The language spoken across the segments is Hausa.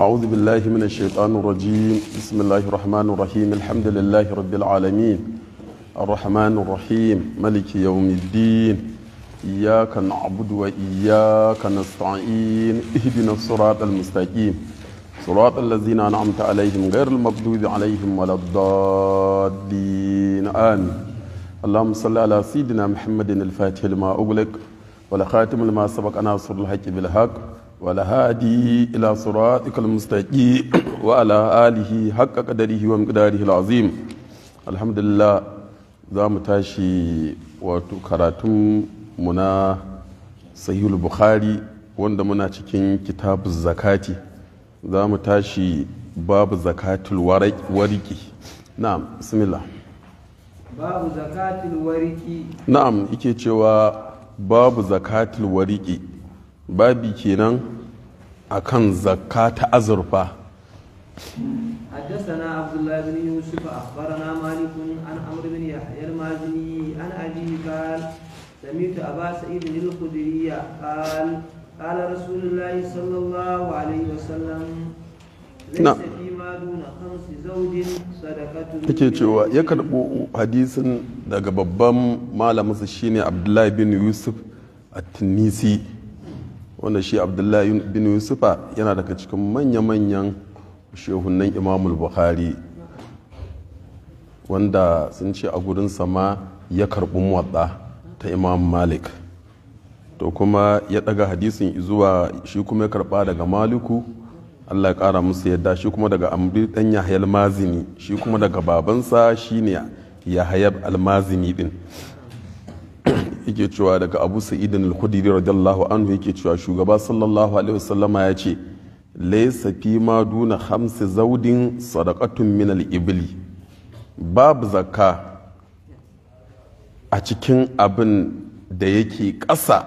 أعوذ بالله من الشيطان الرجيم بسم الله الرحمن الرحيم الحمد لله رب العالمين الرحمن الرحيم ملك يوم الدين إياك نعبد وإياك نستعين اهدنا الصراط المستقيم صراط الذين أنعمت عليهم غير المغضوب عليهم ولا الضالين آمين اللهم صل على سيدنا محمد الفاتح لما أغلق ولخاتم لما سبق أنا الحق بالحق والهادي إلى صراطك المستقيم وعلى آله حق قدره ومقداره العظيم الحمد لله za mu tashi wato karatun mu na sahihul bukhari wanda muna cikin kitabu zakati za mu tashi babu zakatul wariki na'am bismillah babu zakatul na'am cewa babu zakatul wariƙi babi kenan akan zakka ta azurfa حدثنا عبد الله بن يوسف اخبرنا مالك عن عمرو بن يحيى المازني عن قال سمعت ابا سعيد الخدري قال قال رسول الله صلى الله عليه وسلم ليس فيما دون خمس زوج take cewa ya karɓo hadisin daga babban malamin shine Abdullahi bin Yusuf a tunisi wanda shi abdullahi bin yusufa yana daga cikin manya-manyan shehunan imamul buhari wanda sun ce a gurin sama ya karɓi mwadda ta imam malik to kuma ya ɗaga hadisin zuwa shi kuma ya karɓa daga maliku allah ya ƙara musu yadda shi kuma daga amri ɗan yahayar mazini shi kuma daga babansa shine yahayar almazini ɗin yake cewa daga abu sa'idin al-khudiri radiyallahu anhu yake cewa shugaba sallallahu alaihi wasallama ya ce laysa fi ma duna hamsi zaudin sadaqatun min al-ibli babu zakka a cikin abin da yake ƙasa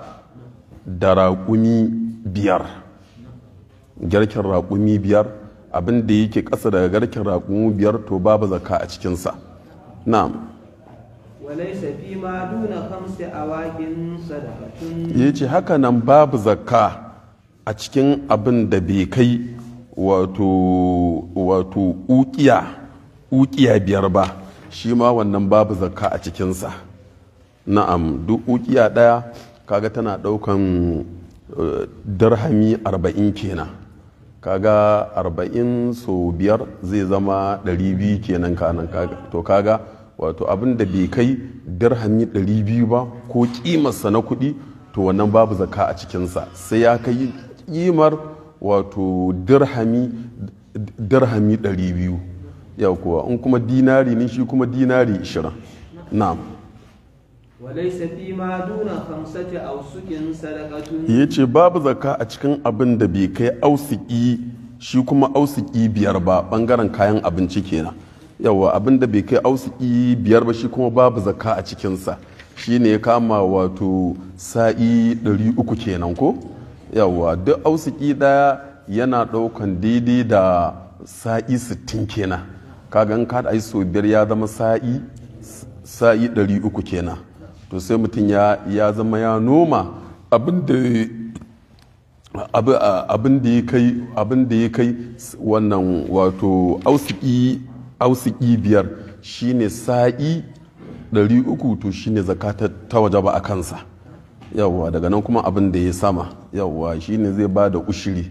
da raƙumi biyar garken raƙumi biyar abin da yake ƙasa daga garkin raƙumi biyar to babu zakka a cikinsa na'am ya ce haka nan babu zakka a cikin abin da bai kai wato ukiya ukiya biyar ba shi ma wannan babu zakka a cikinsa na'am duk ukiya ɗaya kaga tana ɗaukan dirhami arba'in kenan kaga arba'in sau biyar zai zama ɗari biyu kenan kanan to kaga wato abin da bai kai dirhami biyu ba ko kimarsa na kuɗi to wannan babu zaka a cikinsa sai ya kai kimar wato dirhami dirhami biyu ya kuwa in kuma dinari ne shi kuma dinari 20 na'am ya fi ma babu zaka a cikin abin da bai kai ausiki shi kuma ausiki biyar ba bangaren kayan abinci kenan yawa abin da bai kai ausiki biyar ba shi kuma babu zakka a cikinsa shi ne ya kama wato sa'i 300 kenan ko yawa duk ausiki ɗaya yana ɗaukan daidai da sa'i 60 kenan kaga in ka da so biyar ya zama sa'i sa'i 300 kenan to sai mutum ya zama ya noma abin abin da ya kai wannan wato ausiki ausiki biyar shine sa'i 300 to shine zakata ta wajaba a kansa yawwa daga nan kuma abin da ya sama yawwa shine zai ba da ushiri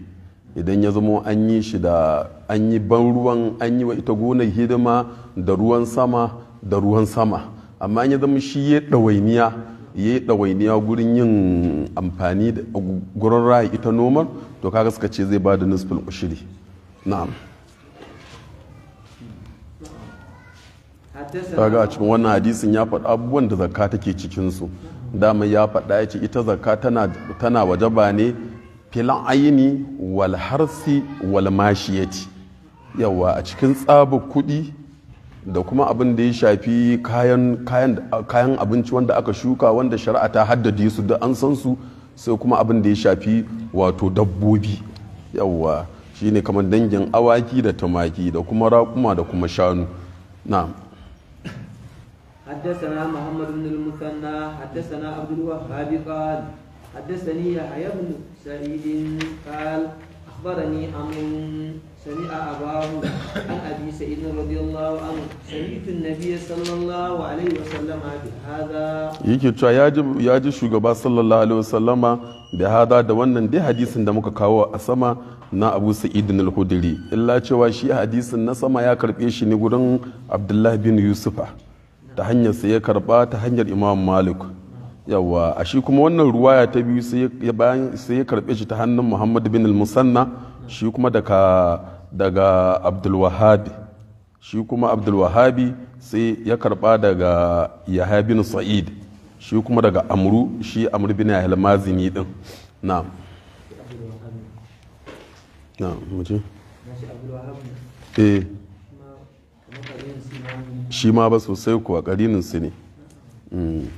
idan ya zama an yi shi da an yi ban ruwan an yi wa ita gona hidima da ruwan sama da ruwan sama amma ya zama shi ya ɗawainiya ya yi ɗawainiya gurin yin amfani da gurin raya ita nomar to kaga suka ce zai ba da nisfin ushiri na'am kaga a cikin wannan hadisin ya faɗa abubuwan da zakka take cikinsu dama ya faɗa ya ce ita zakka tana waje ba ne filan aini walharsi harsi wal yawa a cikin tsabar kuɗi da kuma abin da ya shafi kayan abinci wanda aka shuka wanda shari'a ta haddade su da an san su sai kuma abin da ya shafi wato dabbobi yawa shine kamar dangin awaki da tumaki da kuma raƙuma da kuma shanu na'am حدثنا محمد بن المثنى حدثنا عبد الوهاب قال حدثني يحيى بن سعيد قال اخبرني عمرو سمع اباه عن ابي سعيد رضي الله عنه سمعت النبي صلى الله عليه وسلم بهذا يجي تو ya ji shugaba صلى الله عليه وسلم بهذا ده wannan dai hadisin da muka kawo a sama na Abu Sa'id al-Khudri illa cewa shi hadisin na sama ya karbe shi ne gurin Abdullah bin Yusufa ta hanyar sai ya karba ta hanyar imam malik yawa a shi kuma wannan ruwaya ta biyu sai ya karbe shi ta hannun muhammad bin al-musanna shi kuma daga daga abdulwahabi shi kuma abdulwahabi sai ya karba daga yahya bin sa'id shi kuma daga amru shi amru bin yahya mazini din na'am na'am eh shi ma ba sosai kuwa ƙarinin su ne hmm.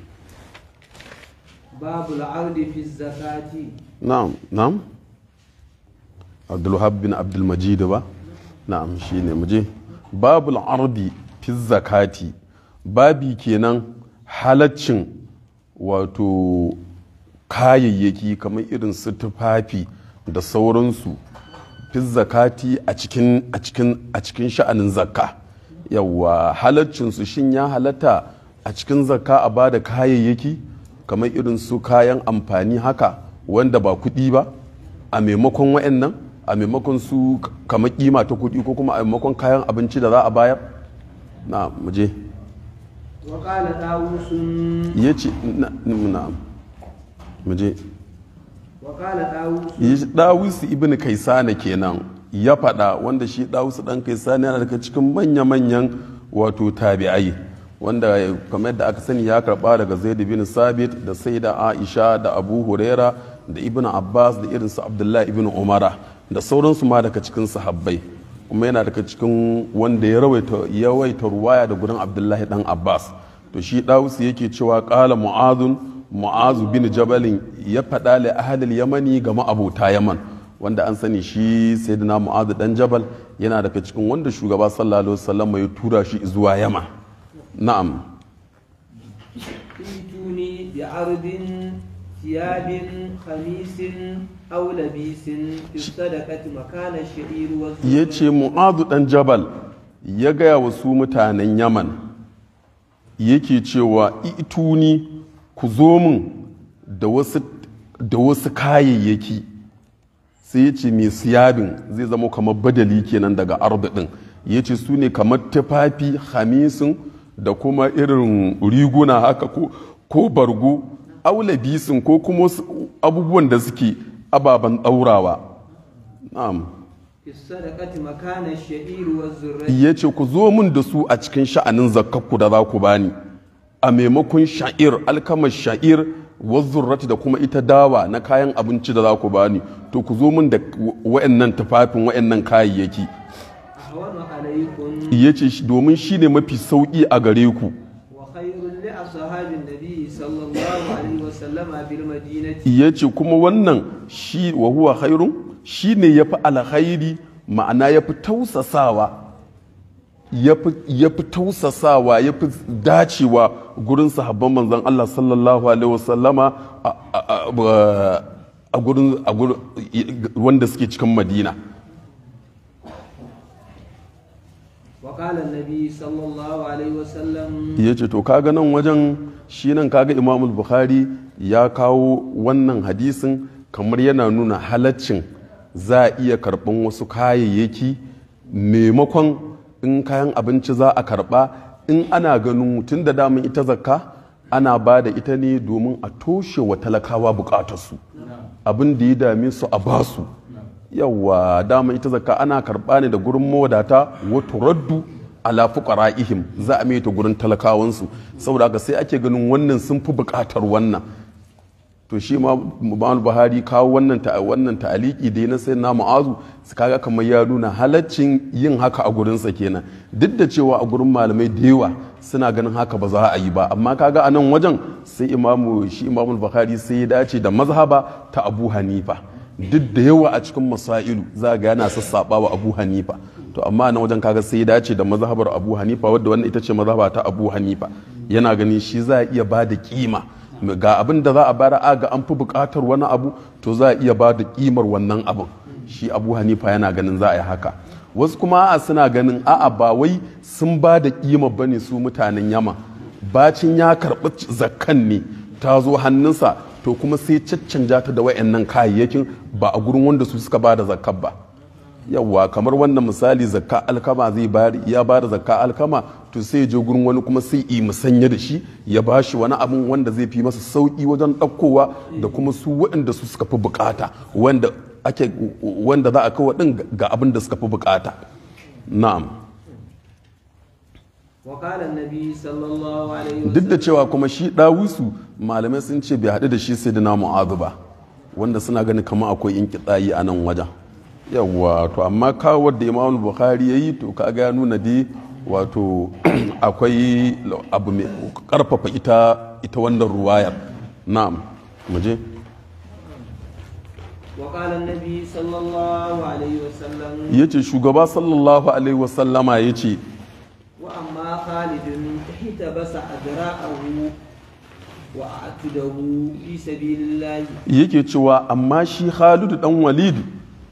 babu la'audi fi zakati na'am na'am bin abdulmajid ba na'am shi ne muje babu la'audi fi zakati babi kenan halaccin wato kayayyaki kamar irin su tufafi da sauransu fi zakati a cikin sha'anin zakka yawa halaccinsu shin ya halatta a cikin zakka a ba da kayayyaki kamar irin su kayan amfani haka wanda ba kuɗi ba a maimakon wa'annan a maimakon su kamar kima ta kuɗi ko kuma a maimakon kayan abinci da za a bayar na muje ya ce na muje ɗawusu ibn kaisana kenan ya faɗa wanda shi ɗawusu ɗan kai sani yana daga cikin manya-manyan wato tabi'ai wanda kamar yadda aka sani ya karɓa daga zaid bin sabit da sai da aisha da abu huraira da ibn abbas da irinsu abdullahi ibn umara da sauransu ma daga cikin sahabbai kuma yana daga cikin wanda ya yawaita ruwaya da gurin abdullahi dan abbas to shi ɗawusu yake cewa kala mu'azun mu'azu bin jabalin ya faɗa li ahalil yamani ga ma'abota yaman wanda an sani shi sai sayyidina mu'adu dan jabal yana daga cikin wanda shugaba sallallahu alaihi wasallam ya tura shi zuwa yama na'am tuni bi ardin thiyabin khamisin aw labisin istadaqat makana shi'ir wa yace mu'adu dan jabal ya gaya wa su mutanen yaman yake cewa ituni ku zo min da wasu da wasu kayayyaki sai ya ce mai siyabin zai zama kamar badali kenan daga arba din ya ce su ne kamar tafafi hamisin da kuma irin riguna haka ko bargo aulabisin ko kuma abubuwan da suke ababen ɗaurawa ya ce ku zo min da su a cikin sha'anin zakakku da za ku bani a maimakon sha'ir alkamar sha'ir wazzurrati da kuma ita dawa na kayan abinci da za ku bani to ku zo min da wa'annan tufafin wa'annan kayayyaki ya ce domin shi ne mafi sauƙi a gare ku ya ce kuma wannan shi wa huwa khairun shi ne ya fi alkhairi ma'ana ya fi tausasawa ya fi tausasawa ya fi dacewa gurin sahabban manzan Allah sallallahu alaihi wasallama a gurin wanda suke cikin madina ya ce to kaga nan wajen shi nan kaga imamul bukhari ya kawo wannan hadisin kamar yana nuna halaccin za a iya karɓan wasu kayayyaki maimakon in kayan abinci za a karba in ana ganin tun da damun ita zakka ana ba da ita ne domin a toshe wa talakawa bukatarsu abin da ya dame su a basu yawa dama ita zakka ana karba ne da gurin mawadata wato raddu ala ihim za a mai ta gurin talakawansu saboda haka sai ake ganin wannan sun fi bukatar wannan to shi ma Muhammadu Buhari kawo wannan ta'aliki da na sai na ma'azu su kaga kamar ya nuna halaccin yin haka a gurinsa kenan duk da cewa a gurin malamai da yawa suna ganin haka ba za a yi ba amma kaga a nan wajen sai imamu shi imamu Buhari sai ya dace da mazhaba ta Abu Hanifa duk da yawa a cikin masailu za ga yana sassaba wa Abu Hanifa to amma nan wajen kaga sai ya dace da mazhabar Abu Hanifa wadda wannan ita ce mazhaba ta Abu Hanifa yana ganin shi za a iya ba da kima ga abin da za a bayar a ga an fi bukatar wani abu to za a iya ba da kimar wannan abin shi abu hanifa yana ganin za a yi haka wasu kuma a suna ganin a'a ba wai sun ba da ƙimar bane su mutanen yama bacin ya karɓi zakan ne ta zo hannunsa to kuma sai caccanja ta da wayannan kayayyakin ba a gurin wanda su suka ba da ba yawwa kamar wannan misali zakka alkama zai bayar ya ba da zakka alkama to sai je gurin wani kuma sai yi musanya da shi ya ba shi wani abin wanda zai fi masa sauƙi wajen ɗaukowa da kuma su waɗanda su suka fi bukata wanda za a kawo ɗin ga abin da suka fi bukata na'am duk da cewa kuma shi ɗawusu malamai sun ce bai haɗu da shi sai da na mu'azu ba wanda suna ganin kama akwai in kitsayi a nan wajen yawwa to amma kawo da imamul bukhari ya yi to ka ya nuna dai wato akwai abu mai karfafa ita ita wannan ruwayar na'am muje ya ce shugaba sallallahu alaihi wasallama ya ce wa amma khalidun ta basa a zara'ahu wa atudahu fi sabilillahi yake cewa amma shi khalidu dan walidu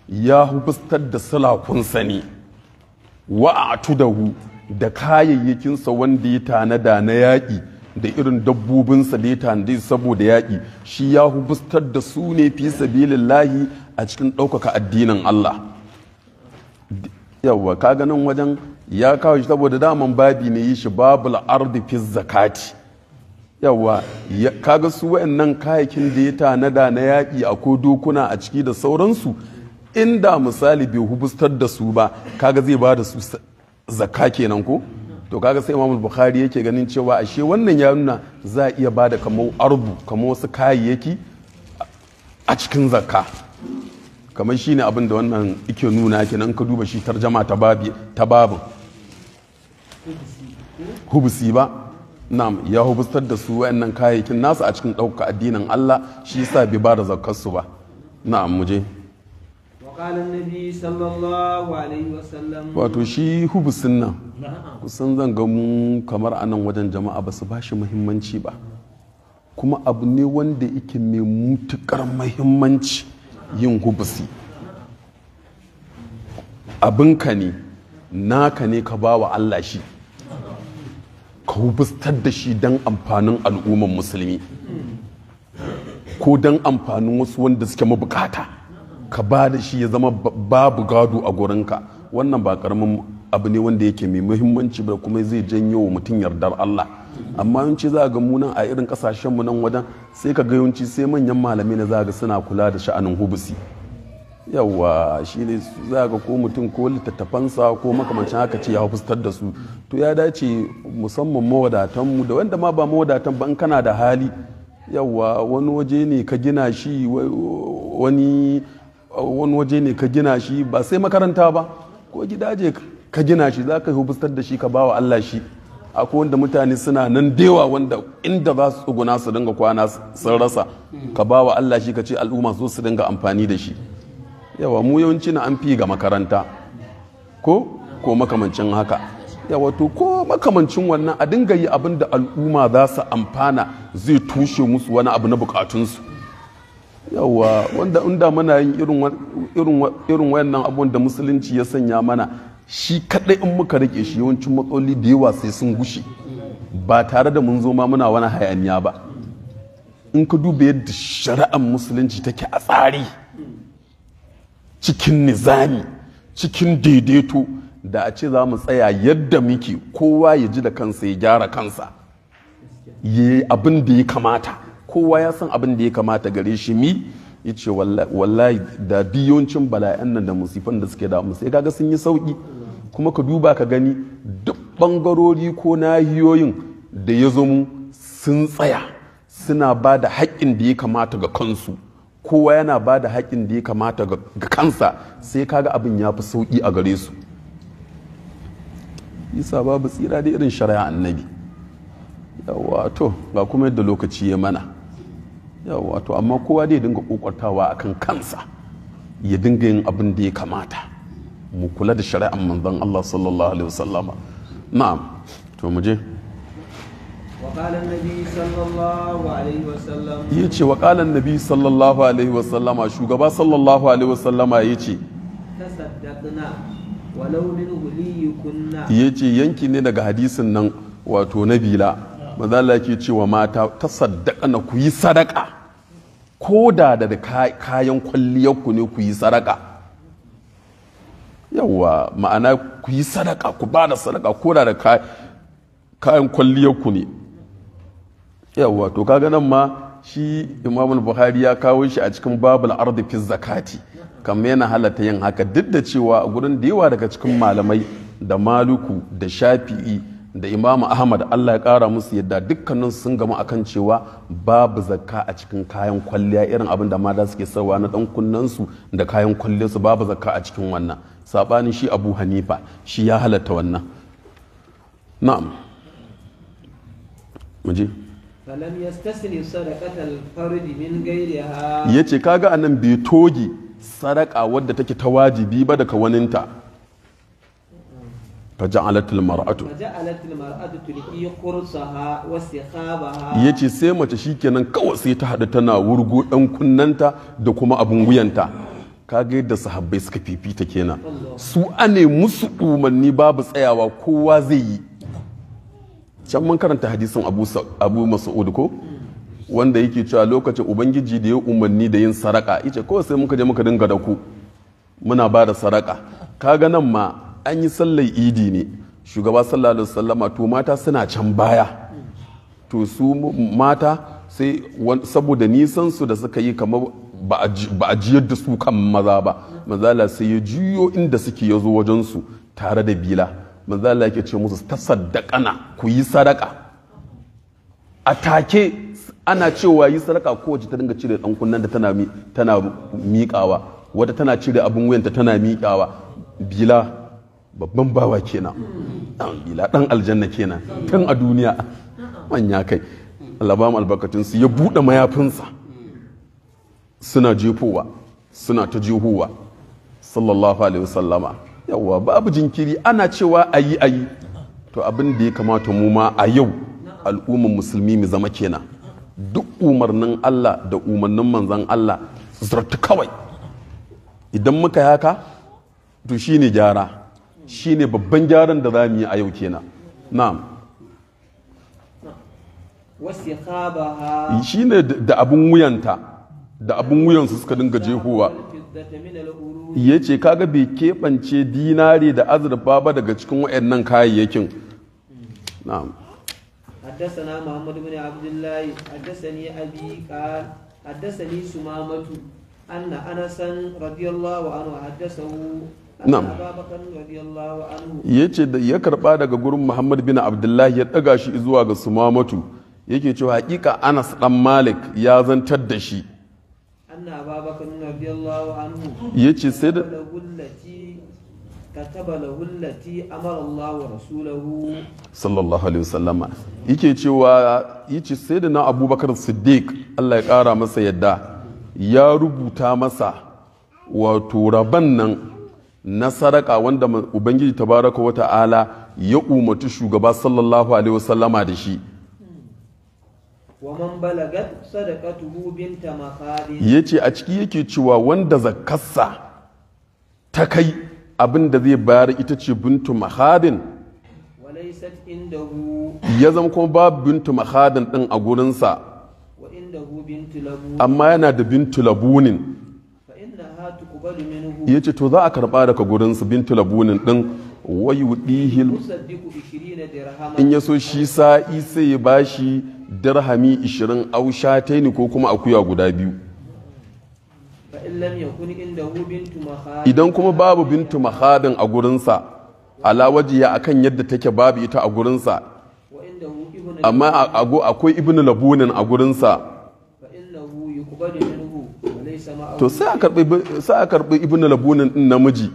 ya hufustar da sulakunsa ne wa atudahu da kayayyakinsa wanda ya tanada na yaƙi da irin dabbobinsa da ya tanadi saboda yaƙi shi ya hubustar da su ne fi sabilillahi a cikin ɗaukaka addinin Allah yawwa kaga nan wajen ya kawo shi saboda daman babi ne yi shi babul ardi fi zakati yawwa kaga su nan kayakin da ya tanada na yaƙi a ko dokuna a ciki da sauransu inda misali bai hubustar da su ba kaga zai ba da su zakka kenan ko to kaga sai imamul bukhari yake ganin cewa ashe wannan ya nuna za a iya bada kamar arbu kamar wasu kayayyaki a cikin zakka kamar shine abin da wannan ike nuna kenan ka duba shi tarjama ta babu ta babin hubusi ba na'am ya hubustar da su wayannan kayayyakin nasu a cikin ɗauka addinin Allah shi yasa bai ba da zakkarsu ba na'am muje wato shi hubusin nan kusan zan ga mu kamar a nan wajen jama'a ba su ba shi muhimmanci ba kuma abu ne wanda yake mai mutukar muhimmanci yin hubusi abinka ne naka ne ka ba wa allah shi ka hubustar da shi don amfanin al'umman musulmi ko don amfanin wasu wanda suke mabukata ka ba da shi ya zama babu gado a gurinka wannan ba karamin abu ne wanda yake mai muhimmanci ba kuma zai janyo wa mutum yardar Allah amma yawanci za ga munan a irin kasashen mu nan wajen sai ka ga yawanci sai manyan malamai na za ga suna kula da sha'anin hubusi yawa shi ne za ga ko mutum ko littattafansa ko makamancin haka ce ya fustar da su to ya dace musamman mawadatanmu da wanda ma ba mawadatan ba in kana da hali yawa wani waje ne ka gina shi wani wani waje ne ka gina shi ba sai makaranta ba ko gidaje ka gina shi za ka hubustar da shi ka bawa Allah shi akwai wanda mutane suna nan dewa wanda inda za su tsuguna su dinga kwana sun rasa ka bawa Allah shi ka ce al'umma su su dinga amfani da shi yawa mu yawanci na an fi ga makaranta ko ko makamancin haka yawa to ko makamancin wannan a dinga yi abin da al'umma za su amfana zai tushe musu wani abu na bukatunsu yawa wanda inda muna yin irin wayannan abun da musulunci ya sanya mana shi kadai in muka rike shi yawancin matsaloli da yawa sai sun gushe ba tare da mun zo ma muna wani hayaniya ba in ka duba yadda shari'ar musulunci take a tsari cikin nizami cikin daidaito da a ce za mu tsaya yadda muke kowa ya ji da kansa ya gyara kansa ya yi abin da ya kamata kowa ya san abin da ya kamata gare shi mi ya ce wallahi da biyoncin bala'an nan da musifan da suke damu sai kaga sun yi sauki kuma ka duba ka gani duk bangarori ko nahiyoyin da ya zo mu sun tsaya suna ba da haƙƙin da ya kamata ga kansu kowa yana ba da haƙƙin da ya kamata ga kansa sai kaga abin ya fi sauki a gare su isa babu tsira da irin shari'a annabi wato ga kuma yadda lokaci ya mana yawa to amma kowa dai dinga kokartawa akan kansa ya dinga yin abin da ya kamata mu kula da shari'an manzon Allah sallallahu alaihi wasallam na'am to mu je وقال النبي صلى الله عليه وسلم wa وقال النبي nabi sallallahu alaihi wasallam shugaba sallallahu alaihi wasallam yace tasaddaqna walau min kunna yace yanki ne daga hadisin nan wato nabila maza Allah yake cewa mata ta saddaka na ku yi sadaka ko da da kayan kwalliyarku ne ku yi sadaka yawwa ma'ana ku yi sadaka ku ba da sadaka ko da da kayan kwalliyarku ne yawwa to kaga nan ma shi imamul buhari ya kawo shi a cikin babul ardi fi zakati kamar yana halatta yin haka duk da cewa a gurin da yawa daga cikin malamai da maluku da shafi'i da imamu ahmad allah ya kara musu yadda dukkanin sun gama kan cewa babu zakka a cikin kayan kwalliya irin abin da mata suke sarwa na dan kunnansu da kayan kwalliyarsu babu zakka a cikin wannan sabanin shi abu hanifa shi ya halatta wannan na'am muje falam yastasni anan bai toge sadaka wadda take ta wajibi ba daga waninta فجعلت المرأة فجعلت المرأة تلقي قرصها وسخابها yace sai mace shikenan kawai sai ta hada tana wurgo dan da kuma abun guyanta kaga yadda sahabbai suka fifita kenan su ane musu umarni babu tsayawa kowa zai yi can mun karanta hadisin abu abu ko wanda yake cewa lokacin ubangiji da ya umarni da yin saraka yace kawai sai muka je muka dinga da ku muna ba da saraka kaga nan ma an yi sallar idi ne shugaba sallallahu alaihi to mata suna can baya to su mata sai saboda nisan su da suka yi kamar ba a jiyar da su kan maza ba manzala sai ya juyo inda suke ya zo wajen su tare da bila manzala yake ce musu ta saddakana ku yi sadaka a take ana cewa yi sadaka kowace ta dinga cire dan kunnen da tana miƙawa wata tana cire abin wuyanta tana miƙawa bila babban bawa kenan ɗan bila dan aljanna kenan tun a duniya manya kai alabama ba albarkatun su ya buɗe mayafinsa suna jefowa suna ta jehuwa sallallahu alaihi wasallama yawa babu jinkiri ana cewa ayi ayi to abin da ya kamata mu ma a yau al'ummar musulmi mu zama kenan duk umarnin Allah da umarnin manzan Allah zartu kawai idan muka yaka to shine gyara shi ne babban gyaran da za mu yi a yau kenan na'am ne da abin wuyanta da abin wuyansu suka dinga jehowa ya ce kaga bai keɓance dinari da azurfa ba daga cikin waɗannan kayayyakin na'am حدثنا محمد بن عبد الله حدثني أبي قال حدثني سمامة أن أنسا رضي الله عنه حدثه Ya ce da ya karba daga gurin Muhammad bin Abdullahi ya daga shi zuwa ga Sumamatu yake cewa hakika Anas ɗan Malik ya zantar da shi ce sai da kataba sallallahu alaihi wasallama yake cewa yace sayyidina Abubakar Siddiq Allah ya kara masa yadda ya rubuta masa wato rabban nan na sadaka wanda ubangiji tabaraka wa ta'ala ya umarci shugaba sallallahu alaihi wasallama da shi ya ce a ciki yake cewa wanda zakarsa ta kai abin zai bayar ita ce bintu mahadin ya zama kuma babu bintu mahadin din a gurinsa amma yana da bintu labunin ya ce to za a karɓa daga gurinsu bintu labunin ɗin wayu ɗihil in ya so shi sa'i sai ya ba shi dirhami 20 ausha taini ko kuma akuya guda biyu idan kuma babu bintu mahadin a gurinsa alawaji ya akan yadda take babu ita a gurinsa amma akwai ibn labunin a gurinsa to sai a karɓi sai a karɓi ibnu labunin din namiji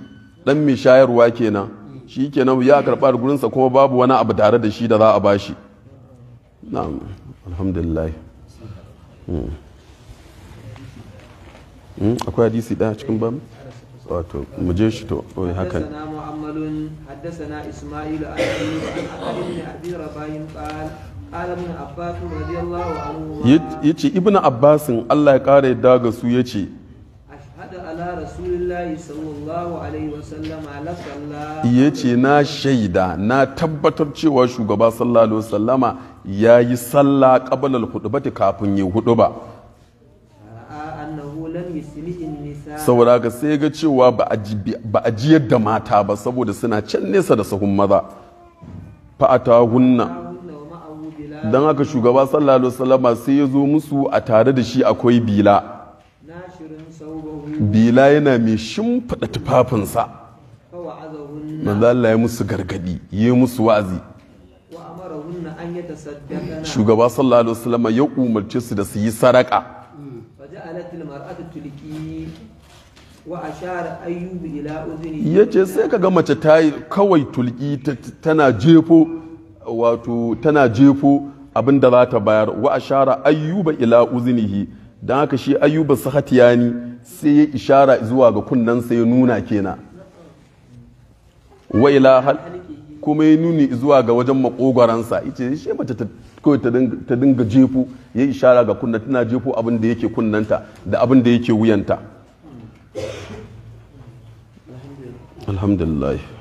dan mai shayarwa kenan shi kenan ya karɓa da gurinsa kuma babu wani abu tare da shi da za a bashi na'am alhamdulillah hmm. Hmm, akwai hadisi cikin wato mu je shi to oi hakan حدثنا إسماعيل عن أبي عن بن أبي رباح ya ce na shaida na tabbatar cewa shugaba sallallahu alaihi wasallama ya yi sallah ƙabalar ta kafin yi ba. saboda ka sai ga cewa ba a jiyar da mata ba saboda suna can nesa da sahun maza fa'ata hunna don haka shugaba sallallahu alaihi wasallama sai ya zo musu a tare da shi akwai bila bila yana mai shimfiɗa tufafinsa manzo Allah ya musu gargadi ya musu wa'azi shugaba sallallahu alaihi wasallam ya umarce su da su yi saraka ya ce sai ka ga mace ta yi kawai tulki tana jefo wato tana jefo abin da za ta bayar wa ashara ayyuba ila uzunihi don haka shi ayyuba ne sai ya ishara zuwa ga kunnan sai ya nuna kena waila lahal kuma ya nuni zuwa ga wajen makogwaransa ice shi mace kawai ta dinga jefu ya ishara ga kunna tana jefu abin da yake kunnanta da abin da yake wuyanta alhamdulillah